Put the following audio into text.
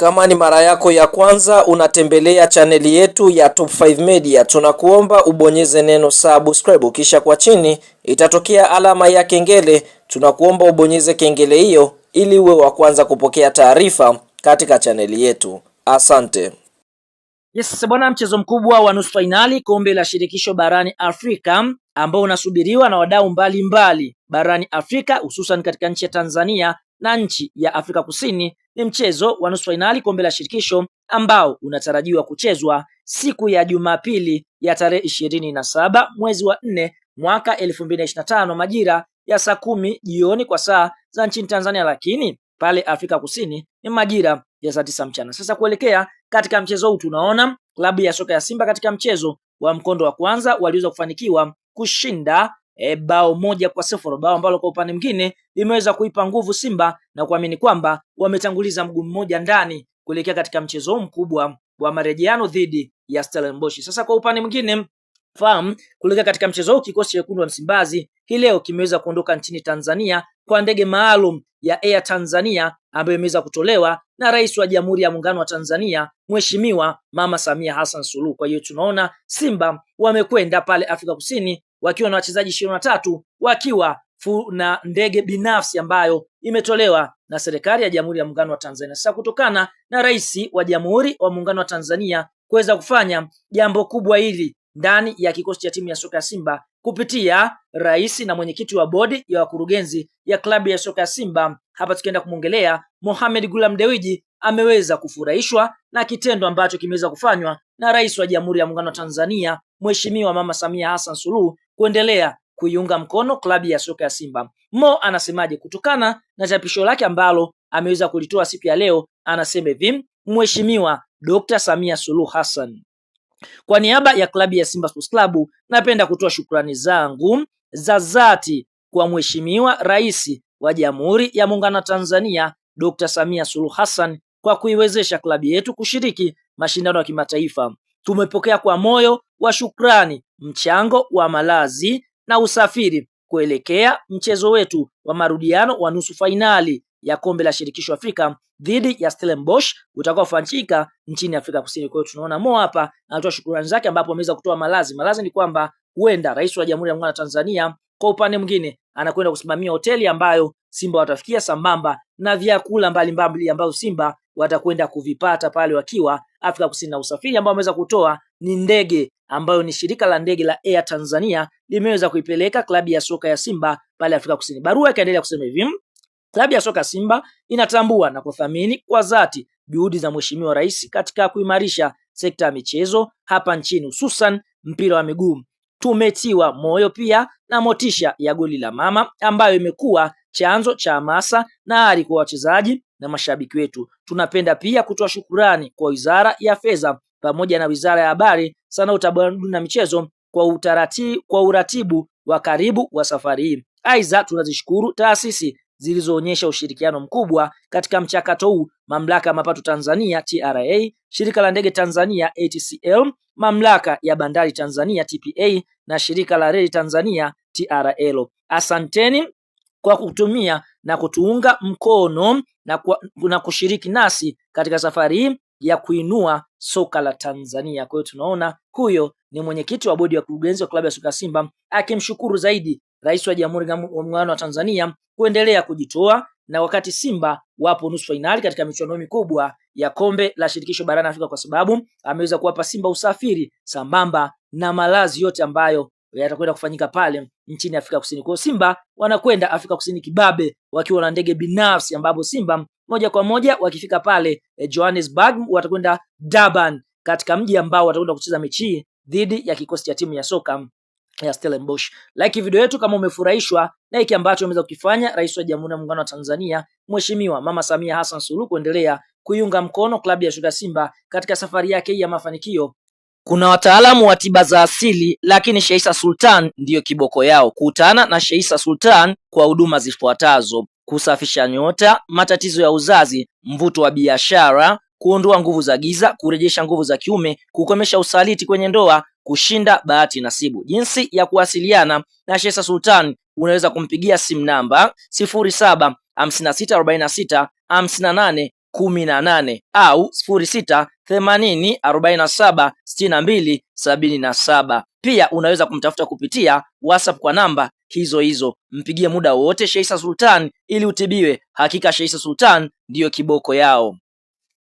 Kama ni mara yako ya kwanza unatembelea chaneli yetu ya Top 5 Media, tunakuomba ubonyeze neno subscribe, kisha kwa chini itatokea alama ya kengele. Tunakuomba ubonyeze kengele hiyo ili uwe wa kwanza kupokea taarifa katika chaneli yetu. Asante. Yes bwana, mchezo mkubwa wa nusu fainali kombe la shirikisho barani Afrika ambao unasubiriwa na wadau mbalimbali barani Afrika hususan katika nchi ya Tanzania na nchi ya Afrika Kusini ni mchezo wa nusu fainali kombe la shirikisho ambao unatarajiwa kuchezwa siku ya Jumapili ya tarehe ishirini na saba mwezi wa nne mwaka elfu mbili na ishirini na tano majira ya saa kumi jioni kwa saa za nchini Tanzania, lakini pale Afrika Kusini ni majira ya saa tisa mchana. Sasa kuelekea katika mchezo huu, tunaona klabu ya soka ya Simba katika mchezo wa mkondo wa kwanza waliweza kufanikiwa kushinda e, bao moja kwa sifuri, bao ambalo kwa upande mwingine limeweza kuipa nguvu Simba na kuamini kwamba wametanguliza mguu mmoja ndani kuelekea katika mchezo huu mkubwa wa marejeano dhidi ya Stellenbosch. Sasa kwa upande mwingine fam kuelekea katika mchezo huu, kikosi cha wekundu wa Msimbazi hii leo kimeweza kuondoka nchini Tanzania kwa ndege maalum ya Air Tanzania ambayo imeweza kutolewa na Rais wa Jamhuri ya Muungano wa Tanzania Mheshimiwa Mama Samia Hassan Suluhu. Kwa hiyo tunaona Simba wamekwenda pale Afrika Kusini wakiwa na wachezaji ishirini na tatu wakiwa na ndege binafsi ambayo imetolewa na serikali ya Jamhuri ya Muungano wa Tanzania. Sasa kutokana na Rais wa Jamhuri wa Muungano wa Tanzania kuweza kufanya jambo kubwa hili ndani ya kikosi cha timu ya soka ya Simba kupitia rais na mwenyekiti wa bodi ya wakurugenzi ya klabu ya soka ya Simba, hapa tukienda kumwongelea Mohamed Gulam Dewiji, ameweza kufurahishwa na kitendo ambacho kimeweza kufanywa na rais wa Jamhuri ya Muungano wa Tanzania Mheshimiwa Mama Samia Hassan Suluhu kuendelea kuiunga mkono klabu ya soka ya Simba. Mo anasemaje kutokana na chapisho lake ambalo ameweza kulitoa siku ya leo? Anasema hivi, Mheshimiwa Dr. Samia Suluhu Hassan, kwa niaba ya klabu ya Simba Sports Club napenda kutoa shukrani zangu za dhati kwa Mheshimiwa Rais wa Jamhuri ya Muungano wa Tanzania Dr. Samia Suluhu Hassan kwa kuiwezesha klabu yetu kushiriki mashindano ya kimataifa. Tumepokea kwa moyo wa shukrani, mchango wa malazi na usafiri kuelekea mchezo wetu wa marudiano wa nusu fainali ya kombe la shirikisho Afrika dhidi ya Stellenbosch utakaofanyika nchini Afrika Kusini. Kwa hiyo tunaona Mo hapa anatoa shukrani zake, ambapo ameweza kutoa malazi. Malazi ni kwamba huenda rais wa Jamhuri ya Muungano wa Tanzania kwa upande mwingine anakwenda kusimamia hoteli ambayo Simba watafikia sambamba na vyakula mbalimbali ambavyo Simba watakwenda kuvipata pale wakiwa Afrika Kusini, na usafiri ambao ameweza kutoa ni ndege ambayo ni shirika la ndege la Air Tanzania limeweza kuipeleka klabu ya soka ya Simba pale Afrika Kusini. Barua ikaendelea kusema hivi: hmm, klabu ya soka Simba inatambua na kuthamini kwa dhati juhudi za Mheshimiwa Rais katika kuimarisha sekta ya michezo hapa nchini, hususan mpira wa miguu. Tumetiwa moyo pia na motisha ya goli la mama ambayo imekuwa chanzo cha hamasa na ari kwa wachezaji na mashabiki wetu. Tunapenda pia kutoa shukurani kwa Wizara ya Fedha pamoja na Wizara ya Habari sana utamaduni na michezo kwa utarati, kwa uratibu wa karibu wa safari hii. Aidha, tunazishukuru taasisi zilizoonyesha ushirikiano mkubwa katika mchakato huu: mamlaka ya mapato Tanzania TRA, shirika la ndege Tanzania ATCL, mamlaka ya bandari Tanzania TPA na shirika la reli Tanzania TRL. Asanteni kwa kutumia na kutuunga mkono na, kwa, na kushiriki nasi katika safari hii ya kuinua soka la Tanzania. Kwa hiyo tunaona huyo ni mwenyekiti wa bodi ya kurugenzi wa klabu ya soka Simba akimshukuru zaidi rais wa Jamhuri ya Muungano wa Tanzania kuendelea kujitoa na wakati Simba wapo nusu fainali katika michuano mikubwa ya kombe la shirikisho barani Afrika, kwa sababu ameweza kuwapa Simba usafiri sambamba na malazi yote ambayo yatakwenda kufanyika pale nchini Afrika Kusini. Kwa hiyo Simba wanakwenda Afrika Kusini kibabe wakiwa na ndege binafsi, ambapo Simba moja kwa moja wakifika pale eh, Johannesburg watakwenda Durban katika mji ambao watakwenda kucheza mechi dhidi ya kikosi cha timu ya soka ya Stellenbosch. Like video yetu kama umefurahishwa na hiki ambacho ameweza kukifanya Rais wa Jamhuri ya Muungano wa Tanzania Mheshimiwa Mama Samia Hassan Suluhu kuendelea kuiunga mkono klabu ya Shuga Simba katika safari yake ya mafanikio. Kuna wataalamu wa tiba za asili, lakini Sheisa Sultan ndiyo kiboko yao. Kutana na Sheisa Sultan kwa huduma zifuatazo kusafisha nyota, matatizo ya uzazi, mvuto wa biashara, kuondoa nguvu za giza, kurejesha nguvu za kiume, kukomesha usaliti kwenye ndoa, kushinda bahati nasibu. Jinsi ya kuwasiliana na Shesa Sultan, unaweza kumpigia simu namba sifuri nane au sifuri sita saba Pia unaweza kumtafuta kupitia WhatsApp kwa namba hizo hizo. Mpigie muda wote Sheisa Sultan ili utibiwe. Hakika Sheisa Sultan ndiyo kiboko yao.